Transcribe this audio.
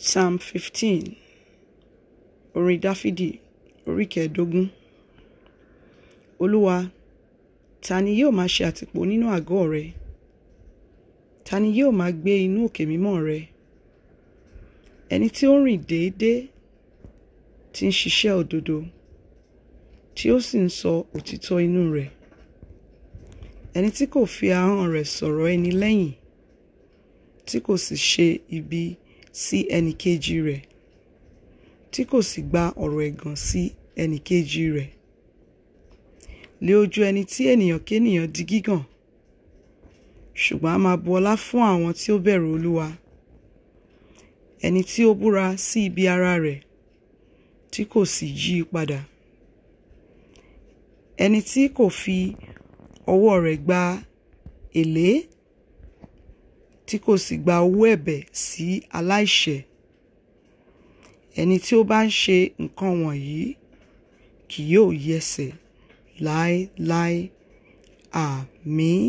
psalm 15. orin dáfídì orí kẹẹ̀ẹ́dógún olúwa ta ni yóò máa ṣe àtìpó nínú àgọ́ rẹ ta ni yóò máa gbé inú òkè mímọ́ rẹ ẹni tí ó ń rìn déédéé tí ń ṣiṣẹ́ òdodo tí ó sì ń sọ òtítọ́ inú rẹ̀ ẹni tí kò fi ahọ́n rẹ̀ sọ̀rọ̀ ẹni lẹ́yìn tí kò sì ṣe ibi sí ẹnìkejì rẹ̀ tí kò sì gba ọ̀rọ̀ ẹ̀gàn sí ẹnìkejì rẹ̀. Lé ojú ẹni tí ènìyànkénìyàn di gígàn, ṣùgbọ́n a máa bu ọlá fún àwọn tí ó bẹ̀rù Olúwa. Ẹni tí ó búra sí ibi ara rẹ̀ tí kò sì yí padà. Ẹni tí kò fi ọwọ́ rẹ̀ gba èlé tí kò sì gba owó ẹ̀bẹ̀ sí aláìṣẹ̀. Ẹni tí ó bá ń ṣe nǹkan wọ̀nyí kì yóò yẹsẹ̀ láéláé. Àmín.